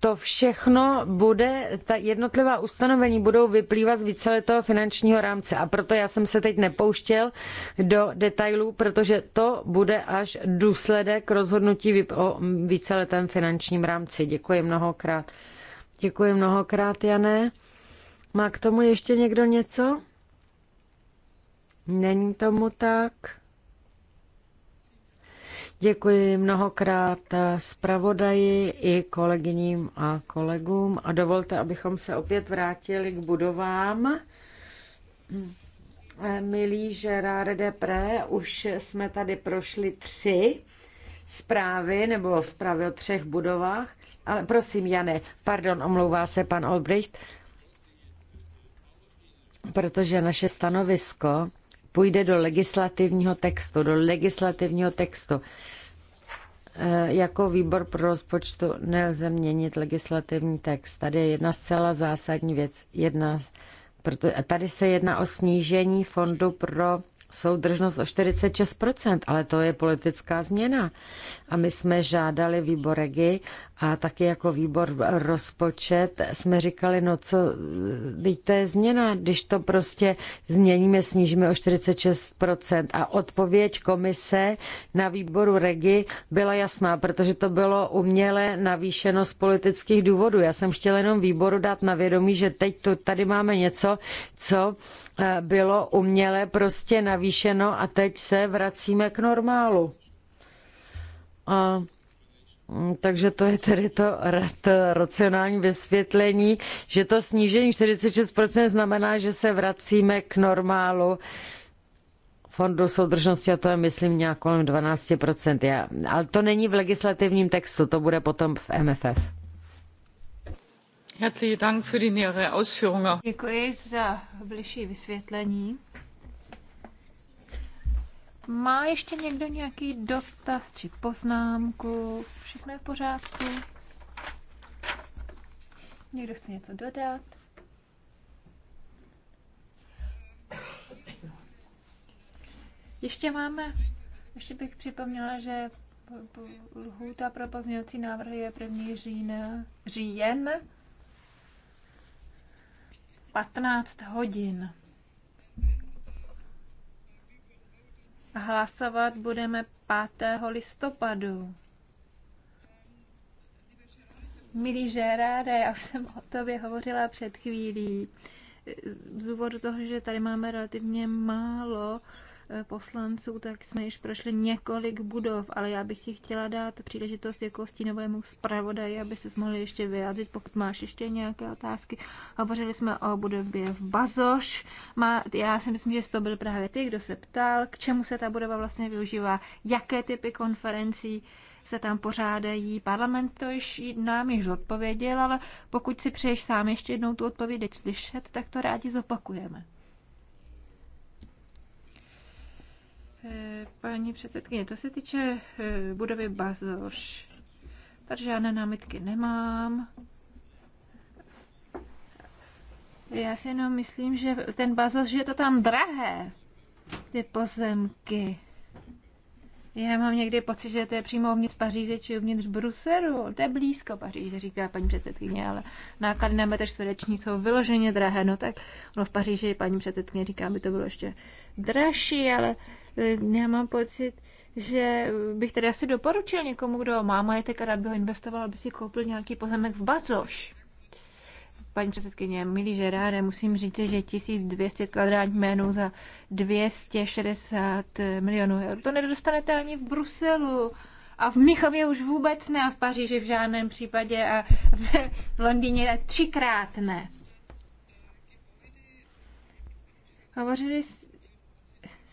to všechno bude, ta jednotlivá ustanovení budou vyplývat z víceletého finančního rámce a proto já jsem se teď nepouštěl do detailů, protože to bude až důsledek rozhodnutí o víceletém finančním rámci. Děkuji mnohokrát. Děkuji mnohokrát, Jané. Má k tomu ještě někdo něco? Není tomu tak. Děkuji mnohokrát zpravodaji i kolegyním a kolegům a dovolte, abychom se opět vrátili k budovám. Milí Gerard Depré, už jsme tady prošli tři zprávy nebo zprávy o třech budovách, ale prosím, Jane, pardon, omlouvá se pan Olbricht, protože naše stanovisko půjde do legislativního textu, do legislativního textu. Eh, jako výbor pro rozpočtu nelze měnit legislativní text. Tady je jedna zcela zásadní věc. Jedna, proto, tady se jedná o snížení fondu pro soudržnost o 46%, ale to je politická změna. A my jsme žádali výbor regi a taky jako výbor rozpočet jsme říkali, no co, teď to je změna, když to prostě změníme, snížíme o 46%. A odpověď komise na výboru regi byla jasná, protože to bylo uměle navýšeno z politických důvodů. Já jsem chtěla jenom výboru dát na vědomí, že teď to, tady máme něco, co Eh, bylo uměle prostě navýšeno a teď se vracíme k normálu. A mm, takže to je tedy to, to eh, racionální vysvětlení, že to snížení 46% znamená, že se vracíme k normálu fondu soudržnosti a to je, myslím, nějak kolem 12%. Já, ale to není v legislativním textu, to bude potom v MFF. Děkuji za bližší vysvětlení. Má ještě někdo nějaký dotaz či poznámku? Všechno je v pořádku? Někdo chce něco dodat? Ještě máme, ještě bych připomněla, že lhůta pro pozměňovací návrhy je 1. října, říjen 15 hodin. Hlasovat budeme 5. listopadu. Milí Žeráde, já už jsem o tobě hovořila před chvílí. Z důvodu toho, že tady máme relativně málo uh, Eh, poslanců, tak jsme již prošli několik budov, ale já bych ti chtěla dát příležitost jako stínovému zpravodaji, aby se mohli ještě vyjádřit, pokud máš ještě nějaké otázky. Hovořili jsme o budově v Bazoš. Má, já si myslím, že to byl právě ty, kdo se ptal, k čemu se ta budova vlastně využívá, jaké typy konferencí se tam pořádají. Parlament to již nám již odpověděl, ale pokud si přeješ sám ještě jednou tu odpověď slyšet, tak to rádi zopakujeme. Eh, paní předsedkyně, to se týče eh, budovy Bazoš, tady žádné námitky nemám. Já si jenom myslím, že ten Bazoš, že je to tam drahé, ty pozemky. Já mám někdy pocit, že to je přímo uvnitř Paříže či uvnitř Bruselu. To je blízko Paříže, říká paní předsedkyně, ale náklady na metr čtvereční jsou vyloženě drahé. No tak ono v Paříži paní předsedkyně říká, by to bylo ještě dražší, ale E, já mám pocit, že bych tady asi doporučil někomu, kdo má majetek a rád by ho investoval, aby si koupil nějaký pozemek v Bazoš. Paní předsedkyně, milí Žeráre, musím říct, že 1200 kvadrátních jménů za 260 milionů eur. To nedostanete ani v Bruselu. A v Michově už vůbec ne a v Paříži v žádném případě a v Londýně třikrát ne. Hovořili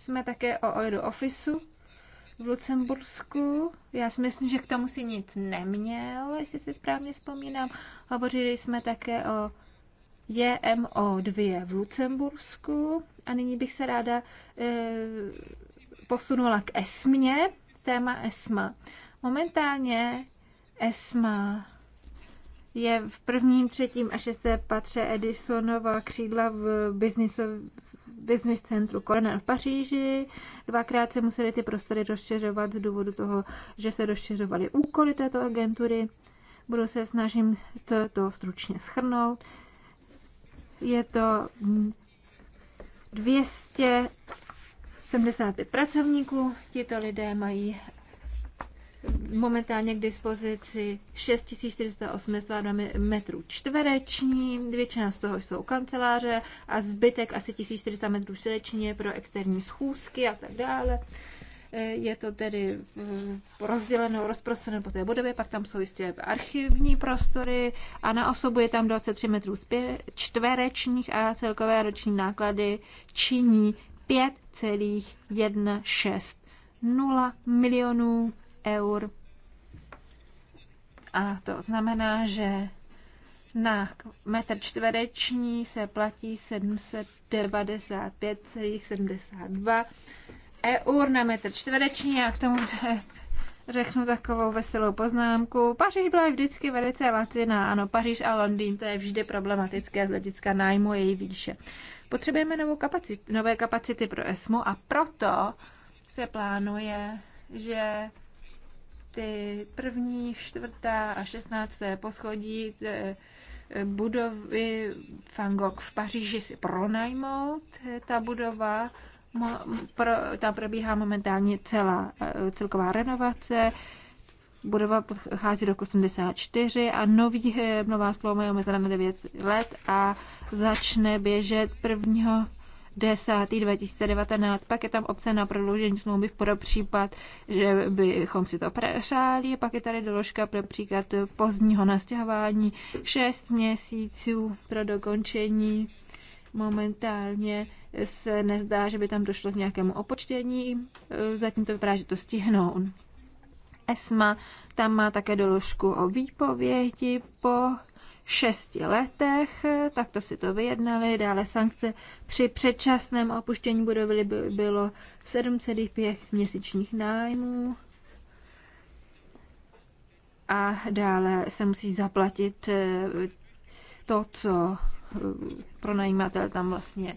jsme také o Oilu Officeu v Lucembursku. Já si myslím, že k tomu si nic neměl, jestli si správně vzpomínám. Hovořili jsme také o JMO2 v Lucembursku. A nyní bych se ráda e, posunula k ESMě, téma ESMA. Momentálně ESMA je v prvním, třetím a šesté patře Edisonova křídla v business centru Cornell v Paříži. Dvakrát se museli ty prostory rozšiřovat z důvodu toho, že se rozšiřovaly úkoly této agentury. Budu se snažím to, to stručně schrnout. Je to 275 pracovníků. Tito lidé mají momentálně k dispozici 6482 metrů čtvereční, většina z toho jsou kanceláře a zbytek asi 1400 metrů čtverečně pro externí schůzky a tak dále. E, je to tedy e, rozděleno, rozprostřeno po té budově, pak tam jsou jistě archivní prostory a na osobu je tam 23 metrů čtverečních a celkové roční náklady činí 5,160 milionů eur. A to znamená, že na metr čtvereční se platí 795,72 eur na metr čtvereční a k tomu řeknu takovou veselou poznámku. Paříž byla vždycky velice laciná. Ano, Paříž a Londýn, to je vždy problematické z hlediska nájmu její výše. Potřebujeme novou kapacit, nové kapacity pro ESMO a proto se plánuje, že ty první, čtvrtá a šestnácté poschodí eh, eh, budovy Gogh v Paříži si pronajmout. Ta budova pro, tam probíhá momentálně celá, eh, celková renovace. Budova podchází roku 84 a nový, nová smlouva je omezena na 9 let a začne běžet 1. 10.2019, Pak je tam obce na prodloužení smlouvy pro případ, že bychom si to přešáli, Pak je tady doložka pro příklad pozdního nastěhování 6 měsíců pro dokončení momentálně se nezdá, že by tam došlo k nějakému opočtění. Zatím to vypadá, že to stihnou. ESMA tam má také doložku o výpovědi po šesti letech, takto si to vyjednali, dále sankce při předčasném opuštění budovy by bylo 7,5 měsíčních nájmů a dále se musí zaplatit eh, to, co eh, pronajímatel tam vlastně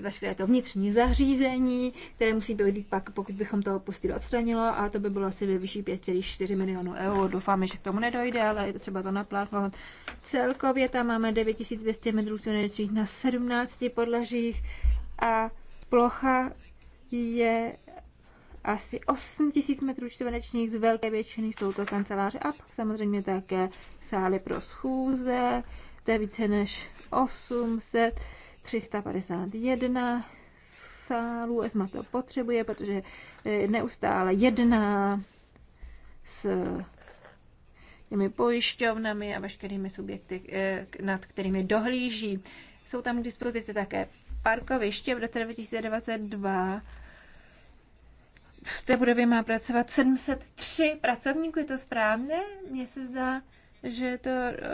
veškeré to vnitřní zařízení, které musí být pak, pokud bychom to pustili odstranilo, a to by bylo asi ve výši 5,4 milionů eur. Doufáme, že k tomu nedojde, ale je třeba to naplánovat. Celkově tam máme 9200 metrů čtverečních na 17 podlažích a plocha je asi 8 tisíc metrů čtverečních, z velké většiny jsou to kanceláře a pak samozřejmě také sály pro schůze, to je více než 800 351 sálu. ESMA to potřebuje, protože e, neustále jedná s těmi pojišťovnami a veškerými subjekty, e, nad kterými dohlíží. Jsou tam k dispozici také parkoviště v roce 2022 v té budově má pracovat 703 pracovníků, je to správné? Mně se zdá, že je to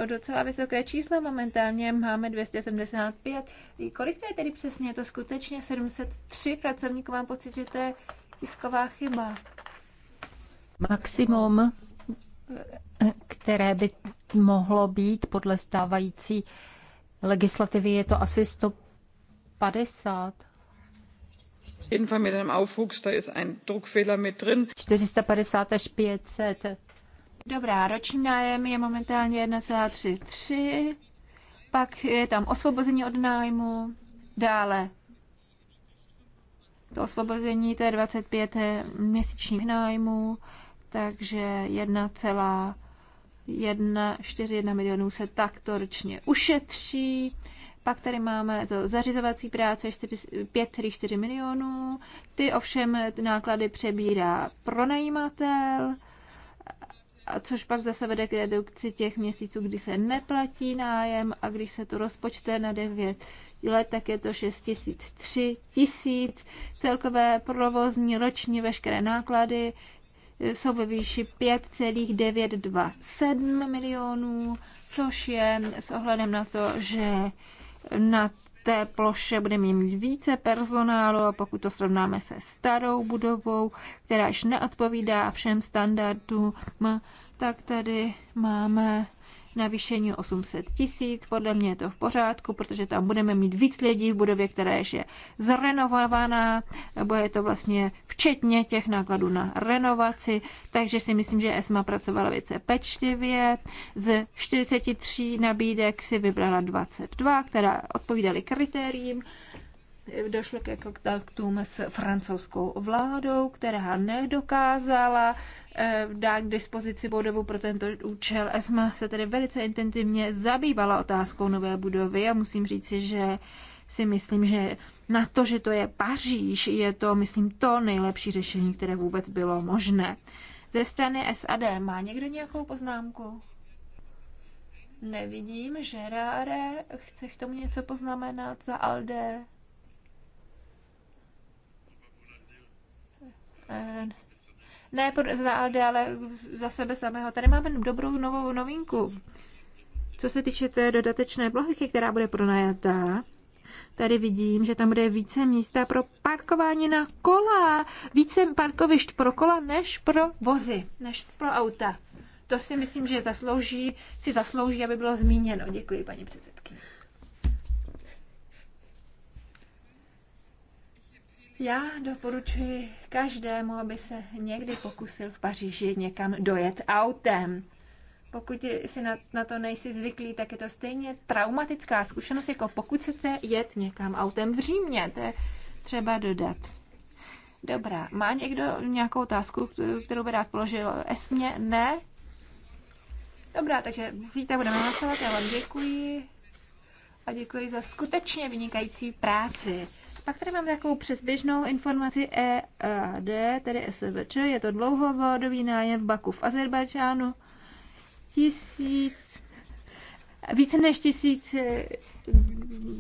docela vysoké číslo. Momentálně máme 275. Kolik to je tedy přesně? Je to skutečně 703 pracovníků. Mám pocit, že to je tisková chyba. Maximum, které by mohlo být podle stávající legislativy, je to asi 150. 450 až 500 Dobrá, roční nájem je momentálně 1,33, pak je tam osvobození od nájmu, dále to osvobození to je 25 měsíčních nájmů, takže 1,141 milionů se takto ročně ušetří. Pak tady máme to zařizovací práce 5,4 milionů. Ty ovšem náklady přebírá pronajímatel a což pak zase vede k redukci těch měsíců, kdy se neplatí nájem a když se to rozpočte na 9 let, tak je to 6 tisíc, 3 tisíc. Celkové provozní roční veškeré náklady eh, jsou ve výši 5,927 milionů, což je s ohledem na to, že na té ploše budeme mít více personálu a pokud to srovnáme se starou budovou, která již neodpovídá všem standardům, tak tady máme navýšení 800 tisíc. Podle mě je to v pořádku, protože tam budeme mít víc lidí v budově, která je zrenovovaná, nebo je to vlastně včetně těch nákladů na renovaci, takže si myslím, že ESMA pracovala více pečlivě. Z 43 nabídek si vybrala 22, která odpovídaly kritériím došlo ke kontaktům s francouzskou vládou, která nedokázala eh, dát k dispozici budovu pro tento účel. ESMA se tedy velice intenzivně zabývala otázkou nové budovy a musím říci, že si myslím, že na to, že to je Paříž, je to, myslím, to nejlepší řešení, které vůbec bylo možné. Ze strany SAD má někdo nějakou poznámku? Nevidím, že Ráre chce k tomu něco poznamenat za Alde. Eh, ne za Alde, ale za sebe samého. Tady máme dobrou novou novinku. Co se týče té dodatečné plochy, která bude pronajatá, tady vidím, že tam bude více místa pro parkování na kola, více parkovišť pro kola než pro vozy, než pro auta. To si myslím, že zaslouží, si zaslouží, aby bylo zmíněno. Děkuji, paní předsedkyně. Já doporučuji každému, aby se někdy pokusil v Paříži někam dojet autem. Pokud si na, na to nejsi zvyklý, tak je to stejně traumatická zkušenost, jako pokud chcete jet někam autem v Římě. To je třeba dodat. Dobrá, má někdo nějakou otázku, kterou by rád položil Esmě? Ne? Dobrá, takže zítra budeme hlasovat. Já vám děkuji a děkuji za skutečně vynikající práci. Pak tady mám takovou přesběžnou informaci EAD, tedy SVČ, je to dlouhovodový nájem v Baku v Azerbajdžánu. Tisíc, více než tisíc,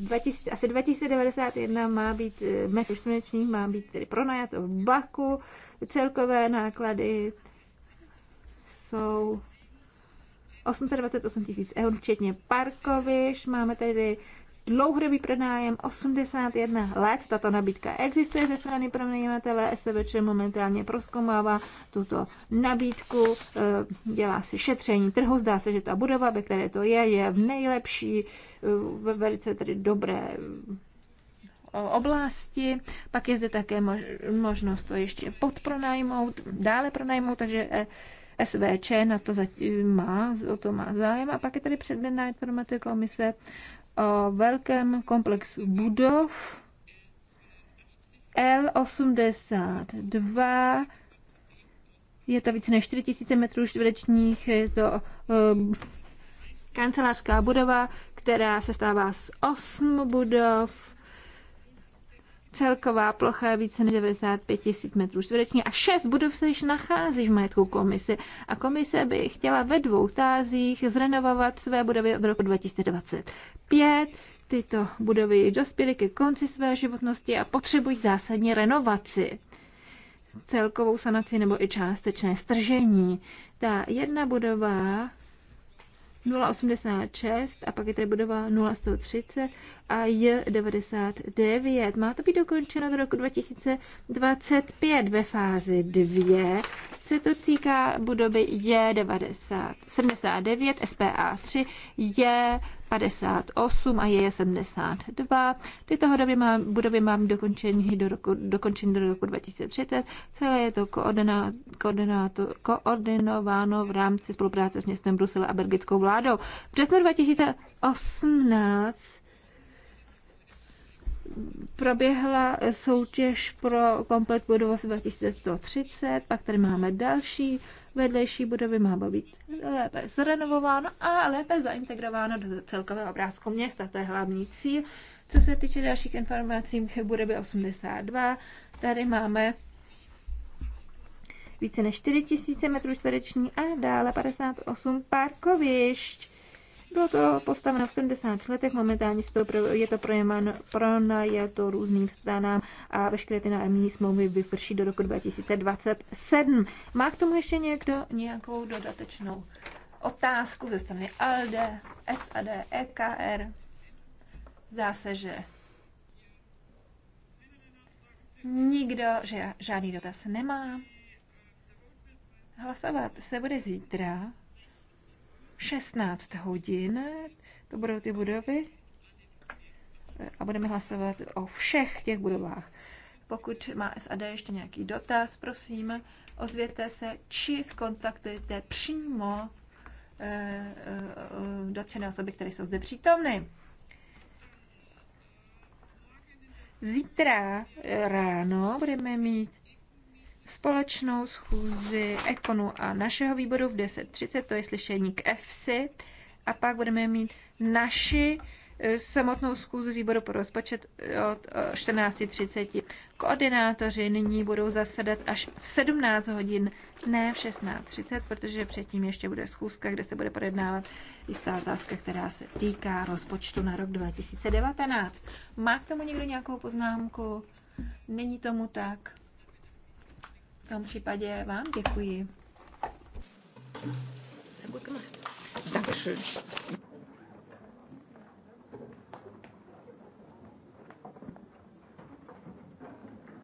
2000, eh, asi 2091 má být, eh, metr čtverečních má být tedy pronajato v Baku. Celkové náklady jsou 828 tisíc eur, včetně parkoviš. Máme tady dlouhodobý pronájem 81 let. Tato nabídka existuje ze strany pronajímatele. SVČ momentálně proskomává tuto nabídku, eh, dělá si šetření trhu. Zdá se, že ta budova, ve které to je, je v nejlepší, eh, ve velice tedy dobré eh, oblasti. Pak je zde také možnost to ještě podpronajmout, dále pronajmout, takže SVČ na to zatím má, o to má zájem. A pak je tady předmětná informace komise o velkém komplexu budov L82. Je to více než 4000 metrů čtverečních, je to um, kancelářská budova, která se stává z osm budov Celková plocha je více než 95 tisíc metrů čtvereční a šest budov se již nachází v majetku komise. A komise by chtěla ve dvou tázích zrenovovat své budovy od roku 2025. Tyto budovy dospěly ke konci své životnosti a potřebují zásadně renovaci celkovou sanaci nebo i částečné stržení. Ta jedna budova 0,86 a pak je tady budova 0,130 a J99. Má to být dokončeno do roku 2025 ve fázi 2. Se to týká budovy J79, SPA3, J 58 a je 72. Tyto budovy, má, budovy mám dokončení do roku, dokončení do roku 2030. Celé je to koordiná, koordinováno v rámci spolupráce s městem Brusel a belgickou vládou. V březnu 2018 proběhla soutěž pro komplet budov 2130, pak tady máme další vedlejší budovy, má být lépe zrenovováno a lépe zaintegrováno do celkového obrázku města, to je hlavní cíl. Co se týče dalších informací, budovy 82, tady máme více než 4000 m 2 a dále 58 parkovišť. Bylo to postaveno v 70. letech, momentálně to pro, je to pronajato pro různým stranám a veškeré ty nájemní smlouvy vyprší do roku 2027. Má k tomu ještě někdo nějakou dodatečnou otázku ze strany ALD, SAD, EKR? Zdá se, že nikdo, že žádný dotaz nemá. Hlasovat se bude zítra 16 hodin. To budou ty budovy. A budeme hlasovat o všech těch budovách. Pokud má SAD ještě nějaký dotaz, prosím, ozvěte se či skontaktujte přímo eh, eh, dotčené osoby, které jsou zde přítomny. Zítra ráno budeme mít společnou schůzi Ekonu a našeho výboru v 10.30, to je slyšení k EFSI, a pak budeme mít naši e, samotnou schůzi výboru pro rozpočet e, od 14.30. E, Koordinátoři nyní budou zasedat až v 17 hodin, ne v 16.30, protože předtím ještě bude schůzka, kde se bude projednávat jistá otázka, která se týká rozpočtu na rok 2019. Má k tomu někdo nějakou poznámku? Není tomu tak? V tom případě vám děkuji. Sehr gut gemacht. Dankeschön.